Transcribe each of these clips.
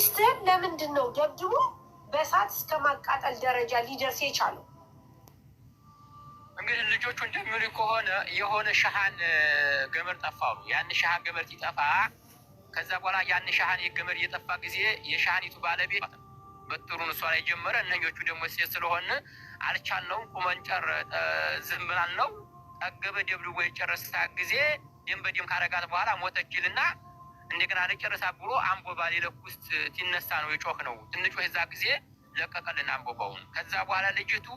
ሚስትህን ለምንድን ነው ደብድቦ በእሳት እስከ ማቃጠል ደረጃ ሊደርስ የቻለው? እንግዲህ ልጆቹ እንደሚሉ ከሆነ የሆነ ሻሃን ገመድ ጠፋሉ። ያን ሻሃን ገመድ ሲጠፋ ከዛ በኋላ ያን ሻሃን ገመድ እየጠፋ ጊዜ የሻሃኒቱ ባለቤት በጥሩን እሷ ላይ ጀመረ። እነኞቹ ደግሞ ሴት ስለሆን ነው ቁመንጨር ዝም ብላን ነው ጠገበ ደብድቦ የጨረሳ ጊዜ ደም በደም ካረጋት በኋላ ሞተችልና እንደገና ለጨረሳ ብሎ አንቦባ ሌለክ ውስጥ ሲነሳ ነው የጮህ ነው ትንጮ የዛ ጊዜ ለቀቀልን አንቦባውን። ከዛ በኋላ ልጅቱ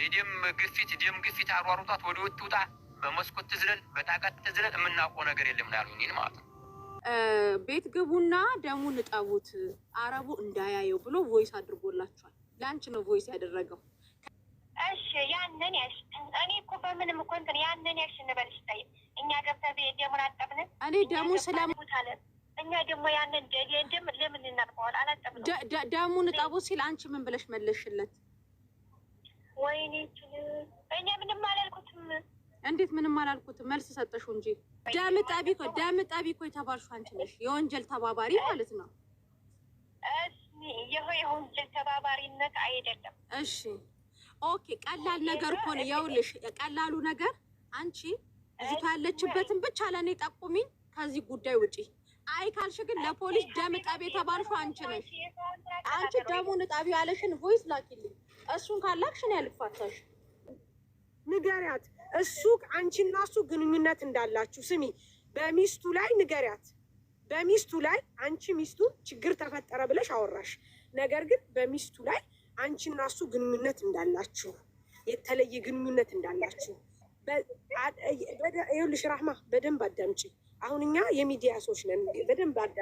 የደም ግፊት ደም ግፊት አሯሩጧት ወደ ውት ውጣ በመስኮት ትዝለል በጣቀት ትዝለል የምናውቀው ነገር የለም ናሉ እኔን ማለት ነው። ቤት ግቡና ደሙን እጠቡት አረቡ እንዳያየው ብሎ ቮይስ አድርጎላቸዋል። ለአንቺ ነው ቮይስ ያደረገው። እሺ ያንን ያልሽ እኔ እኮ በምንም እኮ እንትን ያንን ያልሽ እንበልሽ ጠይቅ እኛ ገብተን ደሙን አጠብንን እኔ ደሙ ስለ አለን። እኛ ደግሞ ያንን ደም ለምን እናርቀዋል? አላጠብነ ደሙን እጠቡ ሲል አንቺ ምን ብለሽ መለሽለት? ወይኔ እኛ ምንም አላልኩትም። እንዴት ምንም አላልኩትም? መልስ ሰጠሽው እንጂ ደም ጠቢ እኮ ደም ጠቢ እኮ የተባልሽው አንቺ ነሽ፣ የወንጀል ተባባሪ ማለት ነው። የወንጀል ተባባሪነት አይደለም። እሺ ኦኬ፣ ቀላል ነገር እኮ ነው። ይኸውልሽ ቀላሉ ነገር አንቺ ብቻ ለእኔ ጠቁሚኝ ከዚህ ጉዳይ ውጪ። አይ ካልሽ ግን ለፖሊስ ደም ጠብ የተባልሽው አንቺ ነሽ። አንቺ ደሙን ጠብ ያለሽን ቮይስ ላኪልኝ። እሱን ካላክሽን ያልፋታሽ ንገሪያት። እሱ አንቺና እሱ ግንኙነት እንዳላችሁ ስሚ፣ በሚስቱ ላይ ንገሪያት። በሚስቱ ላይ አንቺ ሚስቱ ችግር ተፈጠረ ብለሽ አወራሽ። ነገር ግን በሚስቱ ላይ አንቺና እሱ ግንኙነት እንዳላችሁ የተለየ ግንኙነት እንዳላችሁ ይኸውልሽ፣ ራህማ በደንብ አዳምጪ። አሁን እኛ የሚዲያ ሰዎች ነን። በደንብ አዳ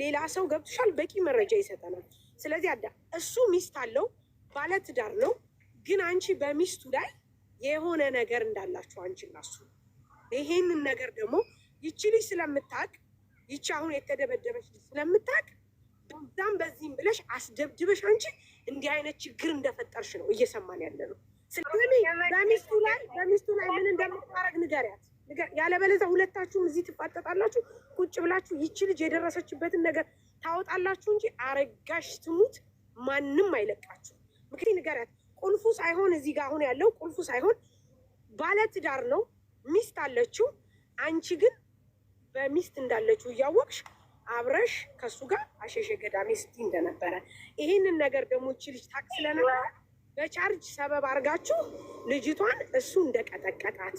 ሌላ ሰው ገብቶሻል፣ በቂ መረጃ ይሰጠናል። ስለዚህ አዳ እሱ ሚስት አለው ባለትዳር ነው። ግን አንቺ በሚስቱ ላይ የሆነ ነገር እንዳላችሁ አንቺ እና ይሄንን ነገር ደግሞ ይቺ ልጅ ስለምታቅ ይቺ አሁን የተደበደበች ልጅ ስለምታቅ በዛም በዚህም ብለሽ አስደብድበሽ አንቺ እንዲህ አይነት ችግር እንደፈጠርሽ ነው እየሰማን ያለ ነው። ስለዚህ በሚስቱ ላይ በሚስቱ ላይ ምን እንደምታረግ ንገሪያት። ያለበለዚያ ሁለታችሁም እዚህ ትፋጠጣላችሁ። ቁጭ ብላችሁ ይቺ ልጅ የደረሰችበትን ነገር ታወጣላችሁ እንጂ አረጋሽ ትሙት ማንም አይለቃችሁ። ምክሪ ንገሪያት። ቁልፉ ሳይሆን እዚህ ጋር አሁን ያለው ቁልፉ ሳይሆን ባለትዳር ነው፣ ሚስት አለችው። አንቺ ግን በሚስት እንዳለችው እያወቅሽ አብረሽ ከሱ ጋር አሸሸ ገዳሜ ስትይ እንደነበረ ይህንን ነገር ደግሞ እቺ ልጅ ታቅ ስለነበረ በቻርጅ ሰበብ አድርጋችሁ ልጅቷን እሱ እንደቀጠቀጣት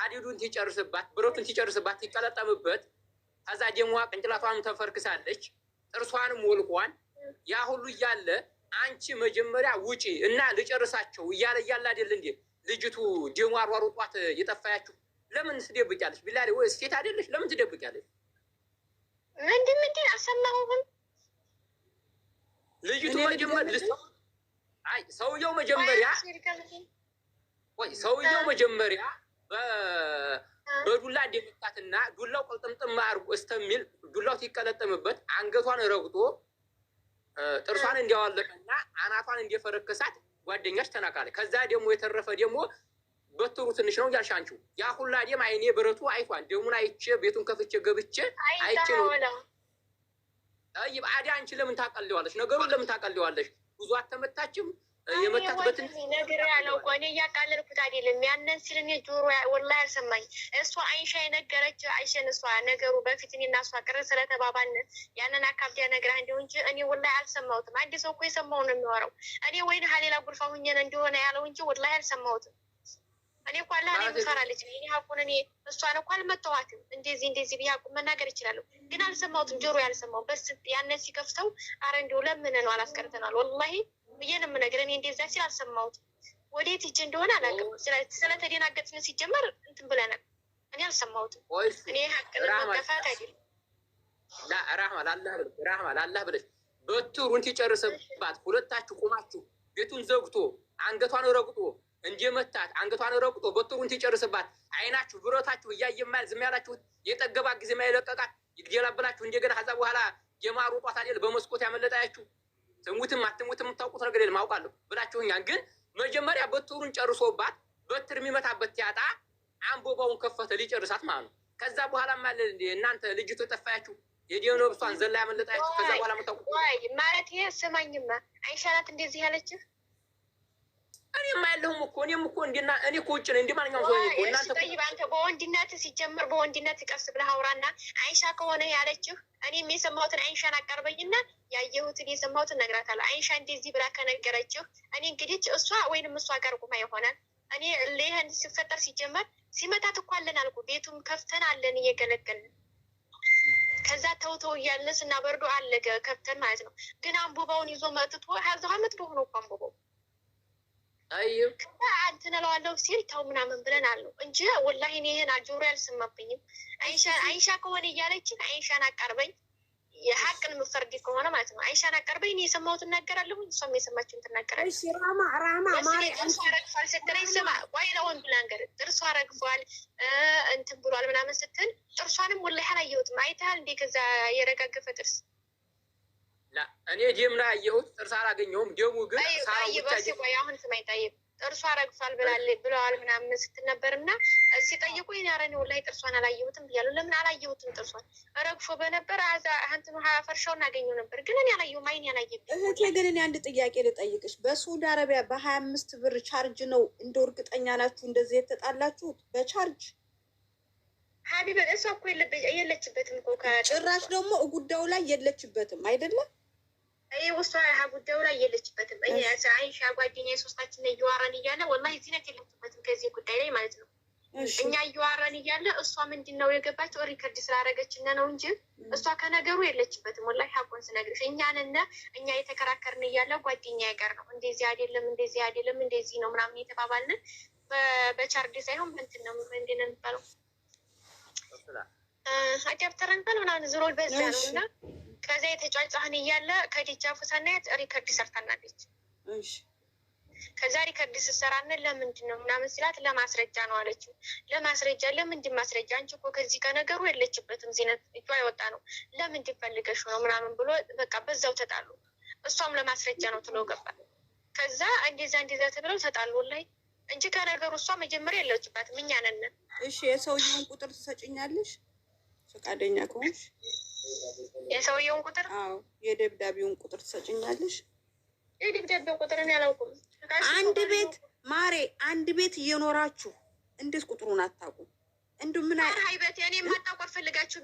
ሀዲዱን ትጨርስባት፣ ብረቱን ትጨርስባት፣ ትቀለጠምበት። ከዛ ደግሞ ቅንጭላቷንም ተፈርክሳለች፣ ጥርሷንም ወልቋን። ያ ሁሉ እያለ አንቺ መጀመሪያ ውጪ እና ልጨርሳቸው እያለ እያለ አይደል እንዴ ልጅቱ ደሞ አሯሩጧት የጠፋያችሁ ለምን ትደብቂያለሽ? ቢላ ወይ ሴት አይደለሽ? ለምን ትደብቂያለሽ? ምንድምትን አሰማሁም። ልጅቱ መጀመሪያ ሰውየው መጀመሪያ ሰውየው መጀመሪያ በዱላ እንደሚታትና ዱላው ቅልጥምጥም አርጎ እስተሚል ዱላው ሲቀለጥምበት አንገቷን ረግጦ ጥርሷን እንዲያዋለቀና አናቷን እንዲፈረከሳት ጓደኛች ተናካለ። ከዛ ደግሞ የተረፈ ደግሞ በትሩ ትንሽ ነው እያልሽ አንቺው ያ ሁላ ደም አይኔ ብረቱ አይቷል። ደሙን አይቼ ቤቱን ከፍቼ ገብቼ አይቼ ነው። አዲ አንቺ ለምን ታቀልዋለች? ነገሩን ለምን ታቀልዋለች? ብዙ አተመታችም የመታትበትን ነገር ያለው እኮ እኔ እያቃለልኩት አይደለም። ያንን ሲል እኔ ጆሮ ወላ ያልሰማኝ እሷ አይሻ የነገረች አይሸን እሷ ነገሩ በፊት እኔ እና እሷ ቅር ስለተባባልን ያንን አካብዳ ነገር እንዲሁ እንጂ እኔ ወላ አልሰማሁትም። አንድ ሰው እኮ የሰማው ነው የሚወራው። እኔ ወይ ሀሌላ ጉርፋ ሁኘን እንደሆነ ያለው እንጂ ወላ አልሰማሁትም። እኔ እኮ አላ ኔ ሙሳራ ልጅ እኔ ሀቁን እኔ እሷን እኮ አልመተዋትም። እንደዚህ እንደዚህ ብዬ ሀቁን መናገር ይችላለሁ፣ ግን አልሰማሁትም። ጆሮ ያልሰማው በስ ያንን ሲከፍተው አረ እንዲሁ ለምን ነው አላስቀርተናል ወላሂ ብዬ ነው የምነግርህ። እኔ እንደዛ ሲል አልሰማሁት። ወዴት ሂጅ እንደሆነ አላውቅም። ስለተደናገጥን ሲጀመር እንትን ብለናል። እኔ አልሰማሁትም። እኔ ሀቅን መጋፋት አይደለም ራህማ ላላህ ብለሽ በትሩን ትጨርሰባት። ሁለታችሁ ቁማችሁ ቤቱን ዘግቶ አንገቷን ረግጦ እንደመታት አንገቷን ረግጦ በትሩን ትጨርስባት። አይናችሁ ብረታችሁ እያየ ማል ዝም ያላችሁት የጠገባት ጊዜ ማይለቀቃት ይግደላ እንደገና ከዛ በኋላ የማሩ ቋት በመስኮት ያመለጣያችሁ ትሙትም አትሙትም የምታውቁት ነገር የለም አውቃለሁ ብላችሁኛል። ግን መጀመሪያ በትሩን ጨርሶባት በትር የሚመታበት ያጣ አንቦባውን ከፈተ ሊጨርሳት ማለት ነው። ከዛ በኋላ ማለ እናንተ ልጅቱ የጠፋያችሁ የዲኖ ብሷን ዘላ ያመለጣችሁ ከዛ በኋላ የምታውቁት ማለት ይሄ ስማኝማ አይሻላት እንደዚህ ያለችህ እኔማ የለሁም እኮ እኔም እኮ እንዲና እኔ እኮ ውጭ ነኝ እንደ ማንኛውም ሰው እኮ እናንተ በወንድነት ሲጀምር በወንድነት ቀስ ብለህ አውራና አይሻ ከሆነ ያለችህ እኔም የሰማሁትን አይንሻን አቀርበኝና ያየሁትን የሰማሁትን እነግራታለሁ። አይንሻ እንደዚህ ብላ ከነገረችው እኔ እንግዲህ እሷ ወይንም እሷ ጋር ቁማ ይሆናል። እኔ ይህን ሲፈጠር ሲጀመር ሲመታት እኮ አለን አልኩ። ቤቱም ከፍተን አለን እየገለገልን ከዛ ተውተው እያለ ስናበርዶ አለገ ከፍተን ማለት ነው። ግን አንቡባውን ይዞ መጥቶ አመት በሆነ እኮ አንቡባው እንትን እለዋለሁ ሲል ተው ምናምን ብለን አለው እንጂ ወላሂ እኔ ይህን አጆሮ አልሰማብኝም። አይሻ ከሆነ እያለችን አይሻን አቀርበኝ የሀቅን የምፈርድ ከሆነ ማለት ነው። አይሻን አቀርበኝ እኔ የሰማሁት እናገራለሁ፣ እሷም የሰማችውን ትናገራለች። ጥርሷ ረግፏል ስትለኝ ስማ ዋይለውን ብላ ብላንገር ጥርሷ ረግፏል እንትን ብሏል ምናምን ስትል ጥርሷንም ወላሂ አላየሁትም። አይተሃል እንዴ ከዛ የረጋገፈ ጥርስ እኔ ደም ነው ያየሁት፣ ጥርስ አላገኘሁም። ደሙ ግን ሳይቆይ አሁን ስማኝ ጠይቅ ጥርሷ ረግፏል ብለዋል ምናምን ስትል ነበር እና ሲጠይቁ ያረኔ ላይ ጥርሷን አላየሁትም ብያለሁ። ለምን አላየሁትም? ጥርሷን ረግፎ በነበር አንትኑ ፈርሻውን አገኘው ነበር፣ ግን እኔ አላየሁም። አይን ያላየ እህቴ። ግን እኔ አንድ ጥያቄ ልጠይቅሽ። በሱድ አረቢያ በሀያ አምስት ብር ቻርጅ ነው እንደ እርግጠኛ ናችሁ? እንደዚህ የተጣላችሁት በቻርጅ ሀቢበ? እሷ እኮ የለችበትም እኮ ጭራሽ ደግሞ ጉዳዩ ላይ የለችበትም አይደለም ይህ ውስጧ ያሀ ጉዳዩ ላይ የለችበትም። አይሻ ጓደኛ ሶስታችን እየዋረን እያለ ወላ ዚነት የለችበትም ከዚህ ጉዳይ ላይ ማለት ነው። እኛ እየዋረን እያለ እሷ ምንድን ነው የገባቸው ሪከርድ ስላደረገችነ ነው እንጂ እሷ ከነገሩ የለችበትም። ወላ ሀቆን ስነግርሽ እኛንነ እኛ የተከራከርን እያለ ጓደኛ ጋር ነው እንደዚህ አይደለም እንደዚህ አይደለም እንደዚህ ነው ምናምን የተባባልን በቻርድ ሳይሆን ምንትን ነው ምንድን የሚባለው አጃብተረንበል ምናምን ዝሮ በዛ ነው እና ከዛ የተጫጫህን እያለ ከዲጃ ፉሳናያት ሪከርድ ሰርታናለች። ከዛ ሪከርድ ስሰራን ለምንድን ነው ምናምን ስላት ለማስረጃ ነው አለችው። ለማስረጃ ለምንድን ማስረጃ? አንቺ እኮ ከዚህ ከነገሩ የለችበትም ዜነት እጇ የወጣ ነው ለምንድን ፈልገሽ ነው ምናምን ብሎ በቃ በዛው ተጣሉ። እሷም ለማስረጃ ነው ትለው ገባ። ከዛ እንደዛ እንደዛ ተብለው ተጣሉ ላይ እንጂ ከነገሩ እሷ መጀመሪያ የለችበትም እኛ ነን። እሺ የሰውየውን ቁጥር ትሰጭኛለሽ ፈቃደኛ ከሆንሽ የሰውየውን ቁጥር የደብዳቤውን ቁጥር ትሰጭኛለሽ? የደብዳቤውን ቁጥር ያላውቁም። አንድ ቤት ማሬ፣ አንድ ቤት እየኖራችሁ እንዴት ቁጥሩን አታውቁም? እንዱ ምን ቤት እኔ ማጣቆር ፈልጋችሁ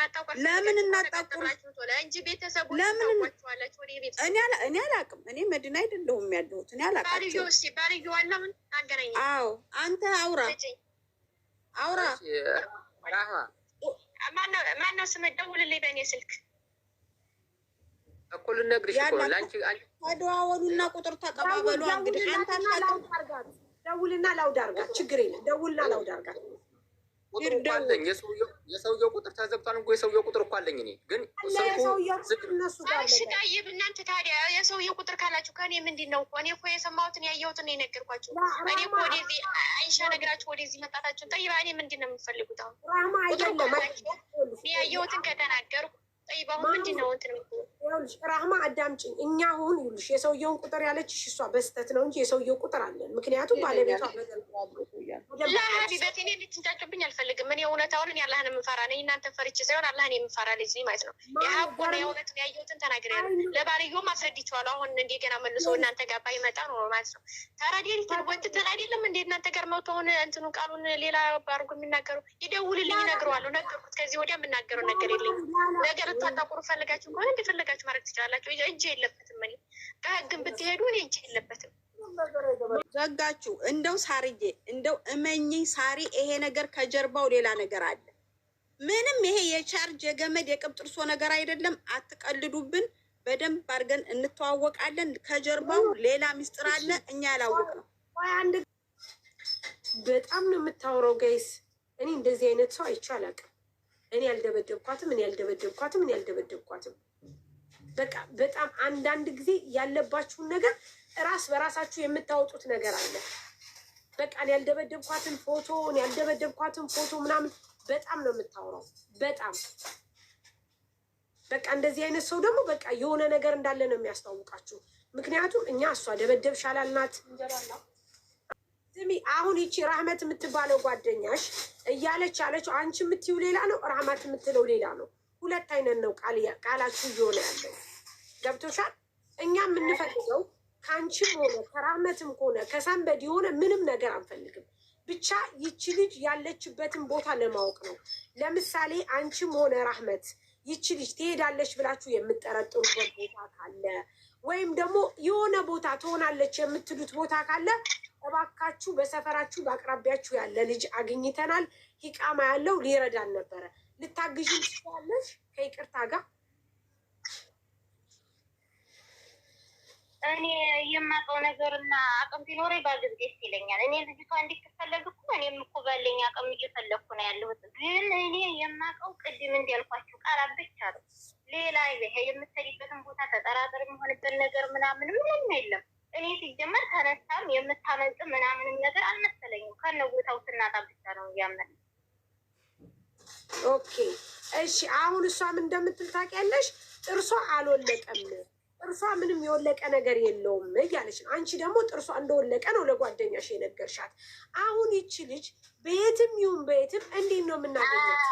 ማጣቆር ለምን እናጣቆራችሁ? እንጂ ቤተሰቡ ለምን እኔ አላቅም። እኔ መድን አይደለሁም ያለሁት እኔ አላውቅም። ባልዮ ሲ ባልዮ አላምን አገናኝ። አዎ አንተ አውራ አውራ ማነው ስም ደውልልኝ፣ በእኔ ስልክ እኮ ልነግርሽ እኮ ለአንቺ ተደዋወሉና ቁጥር ተቀባበሉ። እንግዲህ ደውልና ላውድ አድርጋት፣ ችግር የለም ደውልና ላውድ አድርጋት። ይደውልኝ። የሰውየው ቁጥር ተዘግቷል እኮ የሰውየው ቁጥር እኮ አለኝ እኔ ግን ሽቃይብ እናንተ ታዲያ የሰውየው ቁጥር ካላችሁ ከእኔ ምንድን ነው? እኔ እኮ የሰማሁትን ያየሁትን ነው የነገርኳቸው። እኔ እኮ ወደዚህ አይሻ ነግራችሁ ወደዚህ መጣታችሁን ጠይባ፣ እኔ ምንድን ነው የምትፈልጉት? አሁን ቁጥር ያየሁትን ከተናገርኩ ጠይባ፣ ምንድን ነው እንትን ይኸውልሽ ራህማ አዳምጪኝ። እኛ አሁን ይኸውልሽ የሰውየውን ቁጥር ያለች እሷ በስተት ነው እንጂ የሰውየው ቁጥር አለን። ምክንያቱም ባለቤቷ ላቢበት እኔ እንድትንጫጩብኝ አልፈልግም። እኔ እውነታውን አላህን የምፈራ ነኝ። እናንተ ፈርቼ ሳይሆን አላህን የምፈራ ልጅ ነኝ ማለት ነው። የሀቁን የእውነት ያየሁትን ተናግሬያለሁ። ለባልየውም አስረድቼዋለሁ። አሁን እንደገና መልሶ እናንተ ጋር ባይመጣ ነው ማለት ነው። ታራዴሪ ወጥተን አይደለም እንደ እናንተ ጋር መውቶ እንትኑ ቃሉን ሌላ አድርጎ የሚናገሩ ይደውልልኝ፣ እነግረዋለሁ። ነገርኩት። ከዚህ ወዲያ የምናገረው ነገር የለኝም። ነገር ልታጣቁሩ ፈልጋችሁ ከሆነ እንደፈለጋችሁ ሰርች ማድረግ ትችላላችሁ። እጅ የለበትም። እኔ ከህግን ብትሄዱ እኔ እጅ የለበትም። ዘጋችሁ። እንደው ሳርዬ፣ እንደው እመኝኝ ሳሪ፣ ይሄ ነገር ከጀርባው ሌላ ነገር አለ። ምንም ይሄ የቻርጅ የገመድ የቅብ ጥርሶ ነገር አይደለም። አትቀልዱብን። በደንብ አድርገን እንተዋወቃለን። ከጀርባው ሌላ ሚስጥር አለ፣ እኛ ያላወቅነው። በጣም ነው የምታውረው ጋይስ። እኔ እንደዚህ አይነት ሰው አይቼ አላውቅም። እኔ ያልደበደብኳትም እኔ ያልደበደብኳትም እኔ ያልደበደብኳትም በቃ በጣም አንዳንድ ጊዜ ያለባችሁን ነገር ራስ በራሳችሁ የምታወጡት ነገር አለ። በቃ ያልደበደብኳትን ፎቶ ያልደበደብኳትን ፎቶ ምናምን በጣም ነው የምታወራው። በጣም በቃ እንደዚህ አይነት ሰው ደግሞ በቃ የሆነ ነገር እንዳለ ነው የሚያስታውቃችሁ። ምክንያቱም እኛ እሷ ደበደብሽ አላልናት። ስሚ አሁን ይቺ ራህመት የምትባለው ጓደኛሽ እያለች ያለችው አንቺ የምትይው ሌላ ነው፣ ራህመት የምትለው ሌላ ነው። ሁለት አይነት ነው ቃል ቃላችሁ እየሆነ ያለው ገብቶሻል። እኛ የምንፈልገው ከአንቺም ሆነ ከራመትም ሆነ ከሰንበድ የሆነ ምንም ነገር አንፈልግም። ብቻ ይቺ ልጅ ያለችበትን ቦታ ለማወቅ ነው። ለምሳሌ አንቺም ሆነ ራህመት ይቺ ልጅ ትሄዳለች ብላችሁ የምጠረጥሩበት ቦታ ካለ ወይም ደግሞ የሆነ ቦታ ትሆናለች የምትሉት ቦታ ካለ እባካችሁ በሰፈራችሁ በአቅራቢያችሁ ያለ ልጅ አግኝተናል፣ ሂቃማ ያለው ሊረዳን ነበረ ልታግዥ ትችላለሽ ከይቅርታ ጋር እኔ የማውቀው ነገርና አቅም ቢኖረ ባግዝ ደስ ይለኛል። እኔ ልጅቷ እንዲትፈለግ እኮ እኔም እኮ ባለኝ አቅም እየፈለግኩ ነው ያለሁት። ግን እኔ የማውቀው ቅድም እንዲያልኳቸው ቃላት ብቻ ነው። ሌላ ይሄ ቦታ ተጠራጠር የሚሆንበት ነገር ምናምን ምንም የለም። እኔ ሲጀመር ተነሳም የምታመልጥ ምናምንም ነገር አልመሰለኝም። ከነ ቦታው ስናጣ ብቻ ነው እያመን ኦኬ እሺ። አሁን እሷም እንደምትል ታውቂያለሽ፣ ጥርሷ አልወለቀም፣ ጥርሷ ምንም የወለቀ ነገር የለውም እያለች ነው። አንቺ ደግሞ ጥርሷ እንደወለቀ ነው ለጓደኛሽ የነገርሻት። አሁን ይቺ ልጅ በየትም ይሁን በየትም እንዴት ነው የምናገኘት?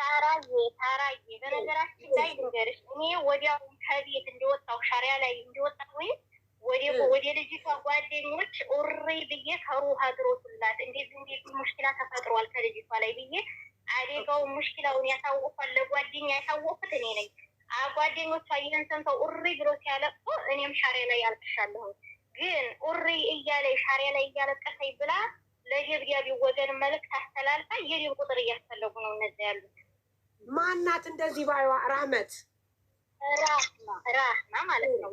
ታራዬ ታራዬ፣ በነገራችን ላይ ንገርሽ፣ እኔ ወዲያው ከቤት እንደወጣው ሻሪያ ላይ እንደወጣ ወይም ወደ ልጅቷ ጓደኞች ኦሬ ብዬ ከሩሃ ድሮትላት እንዴት እንዴት ሙሽኪላ ተፈጥሯል ከልጅቷ ላይ ብዬ አደጋው ሙሽኪላውን ያሳወቅኳት ለጓደኛ ያሳወቅኩት እኔ ነኝ። ጓደኞቿ ይህን ሰምተው ኡሪ ብሎ ሲያለቅሱ እኔም ሻሬ ላይ አልቅሻለሁ። ግን ኡሪ እያለ ሻሬ ላይ እያለቀሰኝ ብላ ለጀብዲያ ቢወገን መልእክት አስተላልፋ የዲን ቁጥር እያስፈለጉ ነው እነዚ ያሉት። ማናት እንደዚህ ባይዋ ራህመት ራህማ ራህማ ማለት ነው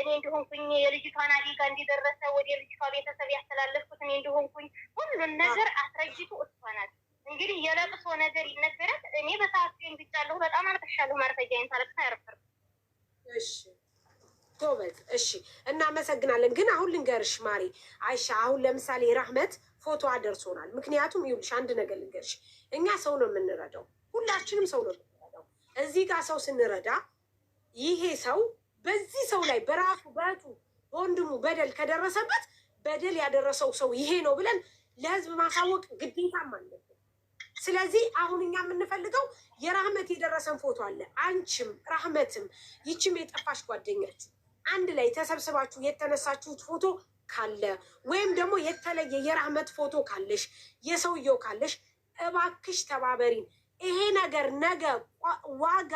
እኔ እንደሆንኩኝ የልጅቷን አደጋ እንዲደረሰ ወደ ልጅቷ ቤተሰብ ያስተላለፍኩት እኔ እንደሆንኩኝ ሁሉን ነገር አስረጅቱ እሷ ናት። እንግዲህ የለቅሶ ነገር ይነገራል። እኔ በሰዓቱ ንግጫለሁ፣ በጣም አልቅሻለሁ። ማርፈጃይን ታለቅሳ ያርፍር ጎበዝ። እሺ፣ እናመሰግናለን። ግን አሁን ልንገርሽ ማሪ አይሻ፣ አሁን ለምሳሌ ራህመት ፎቶ አደርሶናል። ምክንያቱም ይኸውልሽ አንድ ነገር ልንገርሽ፣ እኛ ሰው ነው የምንረዳው፣ ሁላችንም ሰው ነው የምንረዳው። እዚህ ጋር ሰው ስንረዳ ይሄ ሰው በዚህ ሰው ላይ በራሱ በቱ በወንድሙ በደል ከደረሰበት በደል ያደረሰው ሰው ይሄ ነው ብለን ለህዝብ ማሳወቅ ግዴታም አለብን። ስለዚህ አሁን እኛ የምንፈልገው የራህመት የደረሰን ፎቶ አለ። አንቺም ራህመትም ይችም የጠፋሽ ጓደኛችሁ አንድ ላይ ተሰብስባችሁ የተነሳችሁት ፎቶ ካለ ወይም ደግሞ የተለየ የራህመት ፎቶ ካለሽ የሰውየው ካለሽ እባክሽ ተባበሪን። ይሄ ነገር ነገ ዋጋ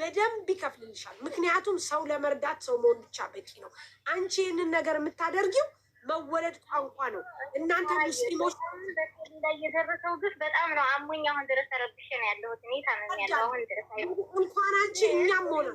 በደንብ ይከፍልልሻል። ምክንያቱም ሰው ለመርዳት ሰው መሆን ብቻ በቂ ነው። አንቺ ይህንን ነገር የምታደርጊው መወለድ ቋንቋ ነው። እናንተ ሙስሊሞች ላይ ግን በጣም ነው አሞኝ። አሁን ድረስ እንኳን አንቺ እኛም ሆነ